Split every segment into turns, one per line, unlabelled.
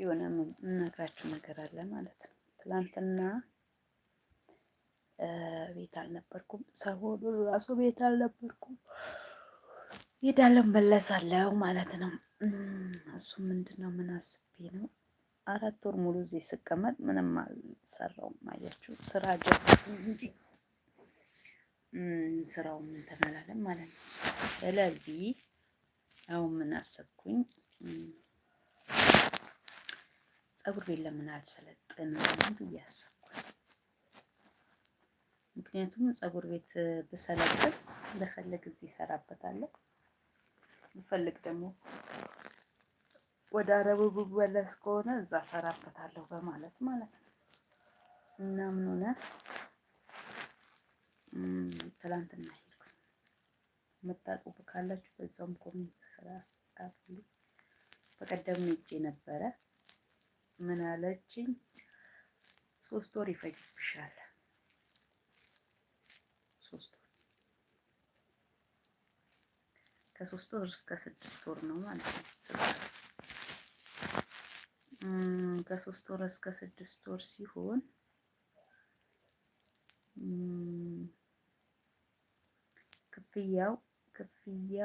የሆነ የምነግራችሁ ነገር አለ ማለት ነው። ትላንትና ቤት አልነበርኩም። ሰሞኑ ራሱ ቤት አልነበርኩም። ሄዳለሁ መለሳለሁ ማለት ነው። እሱ ምንድን ነው ምን አስቤ ነው አራት ወር ሙሉ እዚህ ስቀመጥ ምንም አልሰራውም። አያችሁ ስራ ጀመርኩኝ እንጂ ስራውም እንትን አላለም ማለት ነው። ስለዚህ አሁን ምን አሰብኩኝ ጸጉር ቤት ለምን አልሰለጥንም ብዬ አሰብኩ። ምክንያቱም ጸጉር ቤት ብሰለጥን በፈለግ እዚህ ይሰራበታለሁ፣ ብፈልግ ደግሞ ወደ አረቡ ብመለስ ከሆነ እዛ ሰራበታለሁ በማለት ማለት ነው። እና ምን ሆነ ትላንትና ሄድኩኝ። የምታውቁ ካላችሁ በዛውም ኮሜንት ስራ ጻፉልኝ። በቀደም ሄጄ ነበረ ምን አለችኝ? ሶስት ወር ይፈጅብሻል። ሶስት ወር ከሶስት ወር እስከ ስድስት ወር ነው ማለት ነው። ከሶስት ወር እስከ ስድስት ወር ሲሆን ክፍያው ክፍያ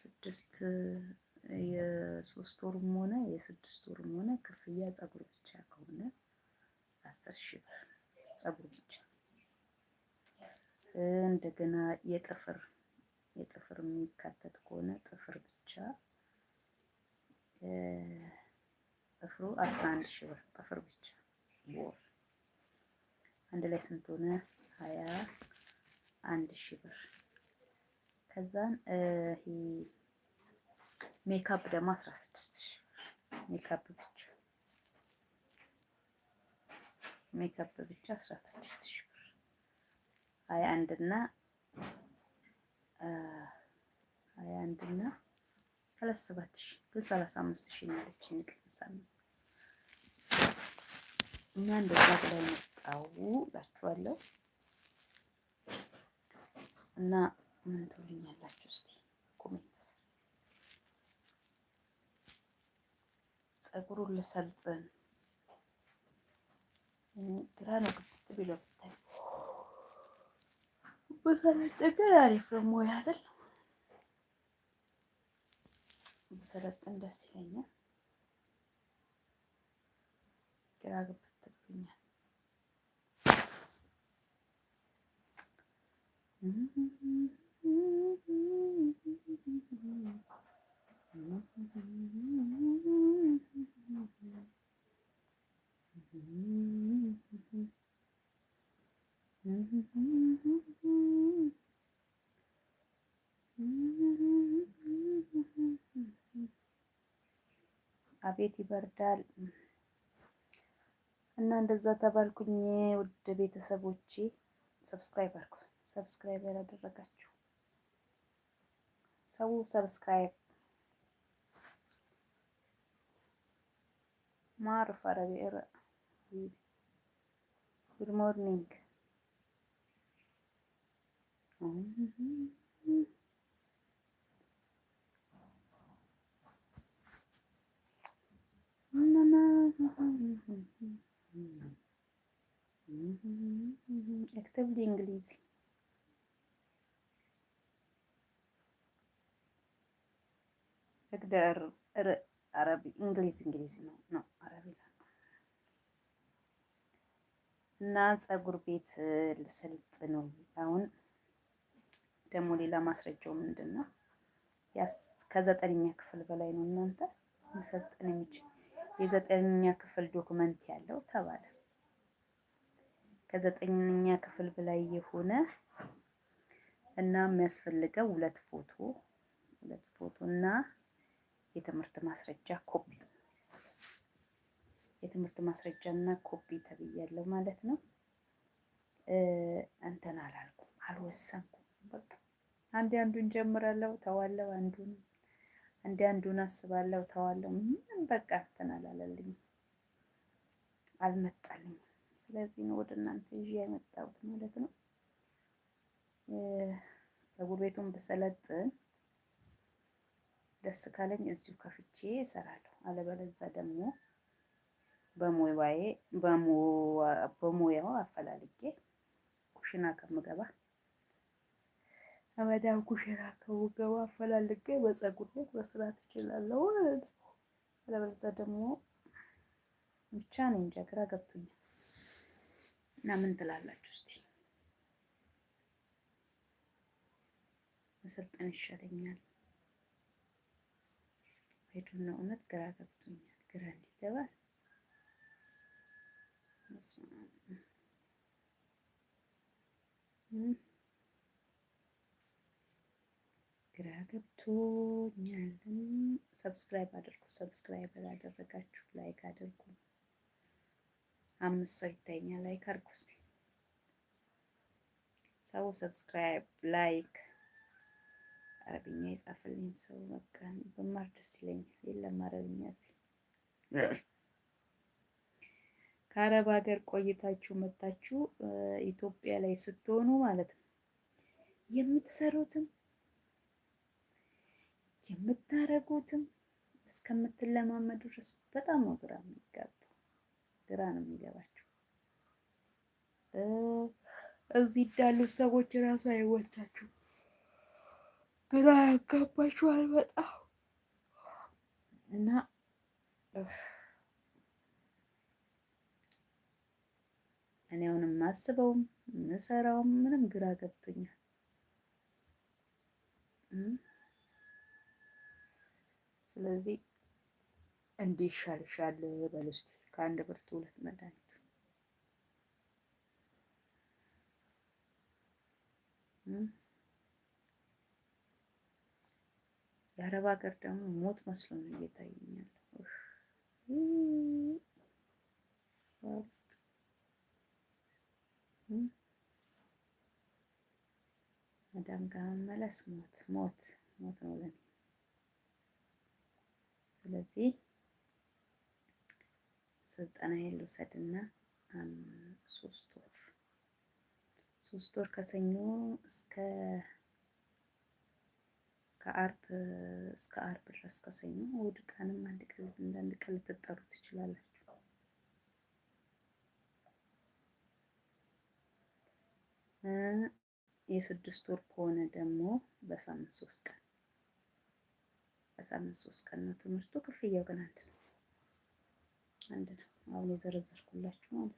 ስድስት የሶስት ወርም ሆነ የስድስት ወርም ሆነ ክፍያ ፀጉር ብቻ ከሆነ አስር ሺህ ብር ፀጉር ብቻ። እንደገና የጥፍር የጥፍር የሚካተት ከሆነ ጥፍር ብቻ ጥፍሩ አስራ አንድ ሺህ ብር ጥፍር ብቻ ወር አንድ ላይ ስንት ሆነ? ሀያ አንድ ሺህ ብር ከዛን ሜካፕ ደግሞ 16 ስድስት ሜካፕ ብቻ ሜካፕ ብቻ 16 ስድስት ብር ሀያ አንድና ሀያ አንድና ሰላሳ ሰባት ግን ነው እና እንደዛ ብላ መጣው እላችኋለሁ። እና ምን ትሉኛላችሁ እስቲ ኮሜንት ፀጉሩን ልሰልጥን ግራ ነው ግብት ቢለው ብታይ በሰለጥን አሪፍ ደግሞ ያደል በሰለጥን ደስ ይለኛል። ግራ ግብት ብኛል። አቤት ይበርዳል እና እንደዛ ተባልኩኝ። ውድ ቤተሰቦቼ ሰብስክራይብ አድርጉ። ሰብስክራይብ ያላደረጋችሁ ሰው ሰብስክራይብ ما أعرف عربي اقرأ good morning اكتب لي انجليزي اقدر አረብ እንግሊዝ እንግሊዝ ነው ነው አረብ እና ፀጉር ቤት ልሰልጥ ነው። አሁን ደግሞ ሌላ ማስረጃው ምንድን ነው? ከዘጠነኛ ክፍል በላይ ነው እናንተ መሰልጠን የሚችል የዘጠነኛ ክፍል ዶክመንት ያለው ተባለ። ከዘጠነኛ ክፍል በላይ የሆነ እና የሚያስፈልገው ሁለት ፎቶ ሁለት ፎቶ እና የትምህርት ማስረጃ ኮፒ የትምህርት ማስረጃ እና ኮፒ ተብያለሁ ማለት ነው። እንትን አላልኩም፣ አልወሰንኩም። በቃ አንድ አንዱን ጀምራለሁ ተዋለው፣ አንዱን አንድ አንዱን አስባለሁ ተዋለው። ምንም በቃ እንትን አላለልኝ አልመጣልኝ። ስለዚህ ነው ወደ እናንተ ይዤ የመጣሁት ማለት ነው። ጸጉር ቤቱን ብሰለጥን ደስ ካለኝ እዚሁ ከፍቼ እሰራለሁ። አለበለዛ ደግሞ በሞባዬ በሞያው አፈላልጌ ኩሽና ከምገባ አመዳም ኩሽና ከምገባ አፈላልጌ በፀጉር ቤት መስራት እችላለሁ ማለት ነው። አለበለዛ ደግሞ ብቻ ነው እንጃ ግራ ገብቶኛል። እና ምን ትላላችሁ እስቲ? መሰልጠን ይሻለኛል። የዱና እውነት ግራ ገብቶኛል። ግራ እንዲገባል ግራ ገብቶኛል። ሰብስክራይብ አድርጉ። ሰብስክራይብ ያላደረጋችሁ ላይክ አድርጉ። አምስት ሰው ይታየኛል። ላይክ አድርጉ እስኪ ሰው ሰብስክራይብ ላይክ አረብኛ የጻፈልኝ ሰው በቃ በማር ደስ ይለኛል። የለም አረብኛ ከአረብ ሀገር ቆይታችሁ መታችሁ ኢትዮጵያ ላይ ስትሆኑ ማለት ነው የምትሰሩትም የምታረጉትም እስከምትለማመዱ ድረስ በጣም ነው ግራ የሚጋቡ ግራ ነው የሚገባቸው። እዚህ እንዳሉ ሰዎች ራሱ አይወታችሁ ግራ ያጋባችኋል በጣም እና እኔ አሁን የማስበውም የምሰራውም ምንም ግራ ገብቶኛል። ስለዚህ እንዲህ ይሻልሻል በል እስኪ ከአንድ ብርቱ ሁለት መድኃኒት የአረብ ሀገር ደግሞ ሞት መስሎ ነው እየታየኛል። መዳም ጋር መመለስ ሞት ሞት ሞት ነው ለኔ። ስለዚህ ስልጠና ልውሰድና ሶስት ወር ሶስት ወር ከሰኞ እስከ ከአርብ እስከ አርብ ድረስ ከሰኞ እሑድ ቀንም አንድ ቀን አንዳንድ ቀን ልትጠሩ ትችላላችሁ። የስድስት ወር ከሆነ ደግሞ በሳምንት ሶስት ቀን በሳምንት ሶስት ቀን ነው ትምህርቱ። ክፍያው ግን አንድ ነው አንድ ነው። አሁን የዘረዘርኩላችሁ ማለት ነው።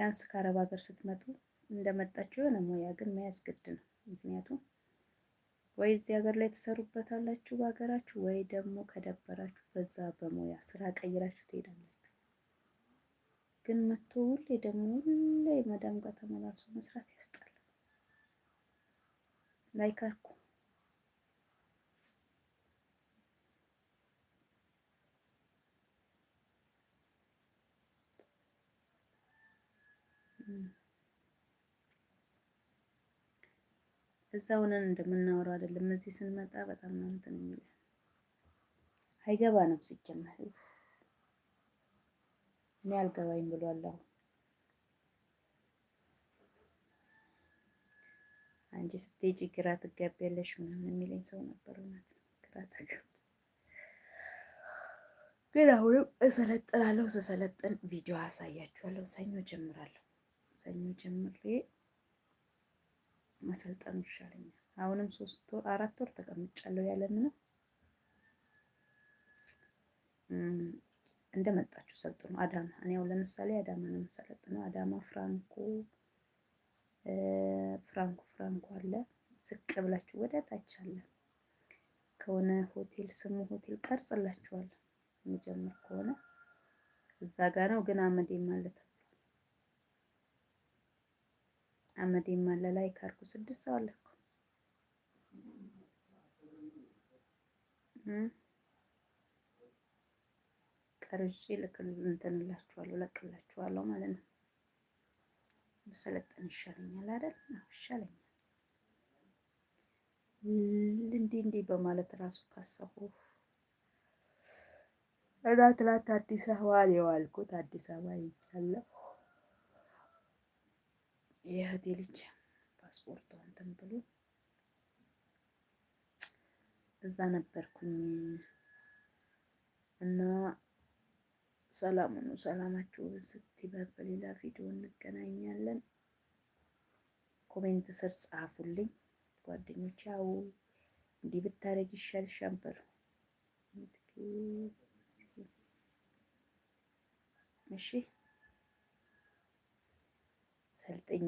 ቢያንስ ከአረብ ሀገር ስትመጡ እንደመጣችሁ የሆነ ሙያ ግን መያዝ ግድ ነው። ምክንያቱም ወይ እዚህ ሀገር ላይ ትሰሩበታላችሁ በሀገራችሁ፣ ወይ ደግሞ ከደበራችሁ በዛ በሙያ ስራ ቀይራችሁ ትሄዳላችሁ። ግን መቶ ሁሌ ደግሞ ሁሌ መዳም ጋር ተመላልሶ መስራት ያስጣል። ላይካርኩ እዛ ሆነን እንደምናወራው አይደለም። እዚህ ስንመጣ በጣም ነው እንትን የሚል አይገባንም። ሲጀመር እኔ አልገባኝ ብሏል። አሁን አንቺ ስትሄጂ ግራ ትጋቢያለሽ ምናምን የሚለኝ ሰው ነበር። እውነት ነው፣ ግራ ተጋባ። ግን አሁንም እሰለጥላለሁ። ስሰለጥን ቪዲዮ አሳያችኋለሁ። ሰኞ ጀምራለሁ። ሰኞ ጀምሬ መሰልጠኑ ይሻለኛል። አሁንም ሶስት ወር አራት ወር ተቀምጫለሁ ያለምንም እንደመጣችሁ ሰልጥኑ። አዳማ እኔ ያው ለምሳሌ አዳማ ነው የምሰለጥነው። አዳማ ፍራንኮ ፍራንኮ ፍራንኮ አለ። ዝቅ ብላችሁ ወደ ታች አለ ከሆነ ሆቴል ስሙ ሆቴል ቀርጽላችኋል። የሚጀምር ከሆነ እዛ ጋ ነው ግን አመዴ ማለት ነው። አመድ ማለ ላይ ካርኩ ስድስት ሰው አለ እኮ ቀርጬ እንትንላችኋለሁ ለቅላችኋለሁ ማለት ነው። በሰለጠን ይሻለኛል አይደል? ይሻለኛል እንዲህ እንዲህ በማለት ራሱ ከሰሁ እና ትላንት አዲስ አበባ ነው የዋልኩት። አዲስ አበባ ይቻለሁ የእህቴ ልጅ ፓስፖርቷ እንትን ብሎ እዛ ነበርኩኝ እና ሰላሙ ነው ሰላማችሁ ብዝት ይበል። በሌላ ቪዲዮ እንገናኛለን። ኮሜንት ስር ጻፉልኝ ጓደኞች። ያው እንዲህ ብታደርግ ይሻልሻል በሉ። እሺ ሰልጥኝ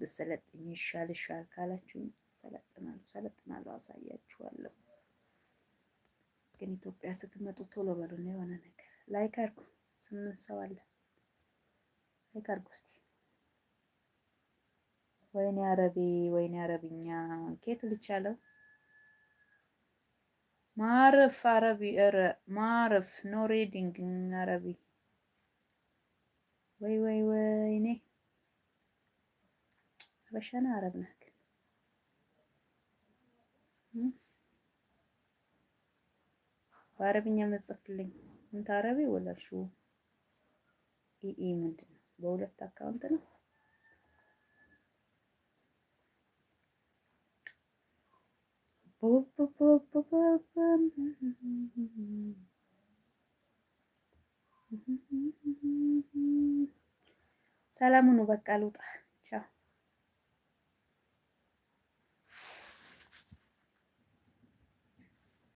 ብሰለጥኝ ይሻል ይሻል ካላችሁ ሰለጥናለሁ ሰለጥናለሁ አሳያችኋለሁ። ግን ኢትዮጵያ ስትመጡ ቶሎ በሉና የሆነ ነገር ላይክ አድርጉ። ስምንት ሰው አለ ላይክ አድርጉ እስቲ። ወይኔ አረቤ ወይኔ አረብኛ ኬት ልቻለው ማረፍ አረቢ ኧረ ማረፍ ኖ ሪዲንግ አረቢ ወይ ወይ ወይኔ ሀበሻና አረብ ነህ ግን በአረብኛ መጽፍልኝ እንት አረቢ ወላሹ ኢኢ ምንድን ነው? በሁለት አካውንት ነው። ሰላሙኑ በቃ ልውጣ።